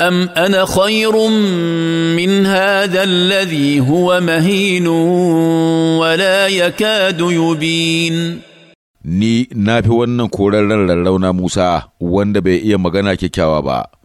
ام انا خير من هذا الذي هو مهين ولا يكاد ni na fi wannan korarren rarrauna Musa wanda bai iya magana kyakkyawa ba.